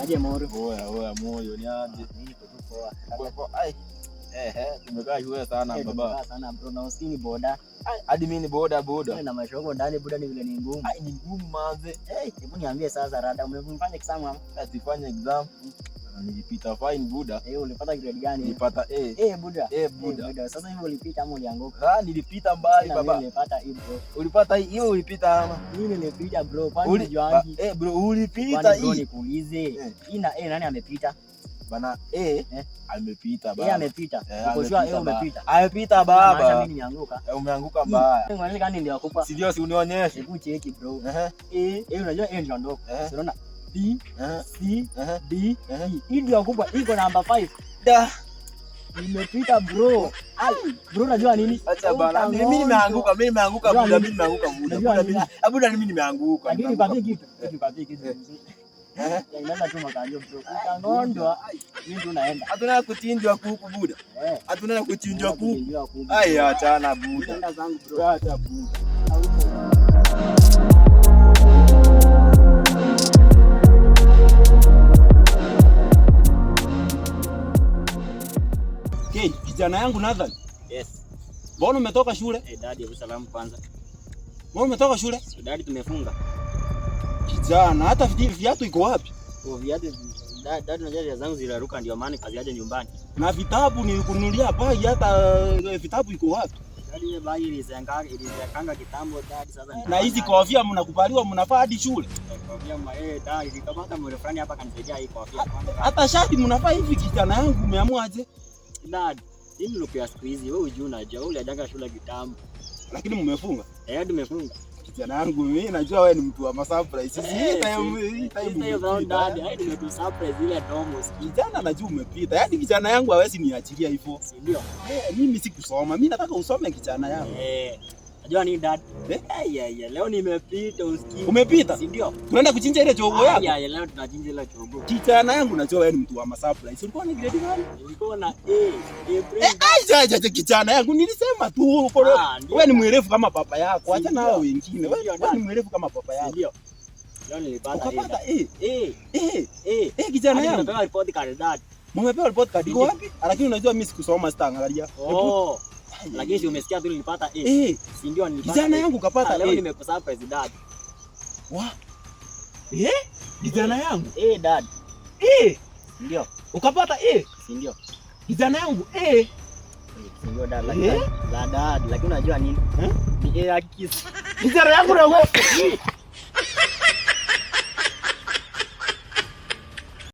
Unaje Moro? Oya, oya moyo ni aje? Niko tu poa. Poa Ai. Eh eh, tumekaa shule sana eh, baba. Tumekaa sana bro na usini boda. Hadi mimi ni boda boda. Na mashogo ndani boda ni vile ni ngumu. Ai ni ngumu manze. Eh, hebu niambie sasa rada, umefanya exam ama? Asifanye exam. Nilipita fine buda. Eh, ulipata grade gani? Nilipata A. Eh, buda. Eh, buda. Buda. Sasa hivi ulipita ama ulianguka? Ah, nilipita mbali baba. Nilipata hii bro. Ulipata hii hiyo ulipita ama? Mimi nilipita bro, kwani unajui? Eh, bro, ulipita eh. hii. Nikuulize. Ina eh nani amepita? Bana eh amepita baba. Yeye amepita. Eh, Uko sure yeye umepita? Amepita baba. Maana mimi nianguka. Eh, umeanguka mbaya. Ngoja kani ndio akupa. Sio, si unionyeshe. Hebu cheki bro. Eh, eh unajua eh ndio ndogo. Unaona? B C D E. Hii ndio kubwa iko namba 5. Da. Nimepita bro. Ai, bro unajua nini? Acha bana. Mimi nimeanguka, mimi nimeanguka muda, mimi nimeanguka muda. na mimi nimeanguka. Lakini nipatie kitu. Nipatie kitu. Eh? Inaenda tu makalio bro. Utangondwa. Mimi tunaenda. Hatuna kuchinjwa kuku buda. Eh. Hatuna kuchinjwa kuku. Ai, na buda. Acha buda. kijana yangu Nathan. Yes. Mbona umetoka shule? Eh, dadi, hebu salamu kwanza. Mbona umetoka shule? Eh, dadi, tumefunga. Kijana, hata viatu iko wapi? Oh, viatu dadi, na jari zangu ziliruka ndio maana kaziaje nyumbani. Na vitabu nilikununulia bai, hata eh, vitabu iko wapi? Dadi, ile bai ilizanga ilizakanga kitambo dadi, sasa. Na hizi kofia mnakubaliwa mnafaa hadi shule? Eh, hata shati mnafaa hivi kijana yangu umeamua aje? Dadi. Hii ndio kwa siku hizi wewe unajua unaja wewe unajanga shule kitambo. Lakini mmefunga? Eh, tumefunga. Kijana yangu mimi najua wewe ni mtu wa surprise. Eh, hii time hii time hiyo round hadi hadi ni surprise ile domo. Kijana najua umepita. Yaani kijana yangu hawezi niachilia hivyo. ndio? Eh, mimi sikusoma. Mimi nataka usome kijana yangu. Eh. Johnny dad. Hey, eh? yeah, yeah. Leo nimepita usikii. Umepita? Si ndio? Tunaenda kuchinja ile chogo yako. Yeah, yeah, leo tunachinja ile chogo. Kijana yangu na chogo ni mtu wa masurprise. Ulikuwa ni grade gani? Ulikuwa na A. Aisha, eh, acha kijana yangu nilisema tu uko. Ah, wewe ni mwerevu kama papa yako. Acha na wao wengine. Wewe ni mwerevu kama papa yako. Ndio. Leo nilipata A. Eh, eh, eh. Eh, kijana yangu. Nimepewa report card. Mumepewa report card. Lakini unajua mimi sikusoma sitaangalia. Oh. lakini umesikia tu nilipata A. Eh, si ndio nilipata. Kijana yangu kapata Leo nimekusurprise dad. Wa? Eh? Kijana yangu? Eh, dad. Eh, ndio. Ukapata A? Si ndio. Kijana yangu A. Eh, ndio dad, lakini eh? dad, lakini unajua nini? Eh? Ni A kiss. Kijana yangu na wewe.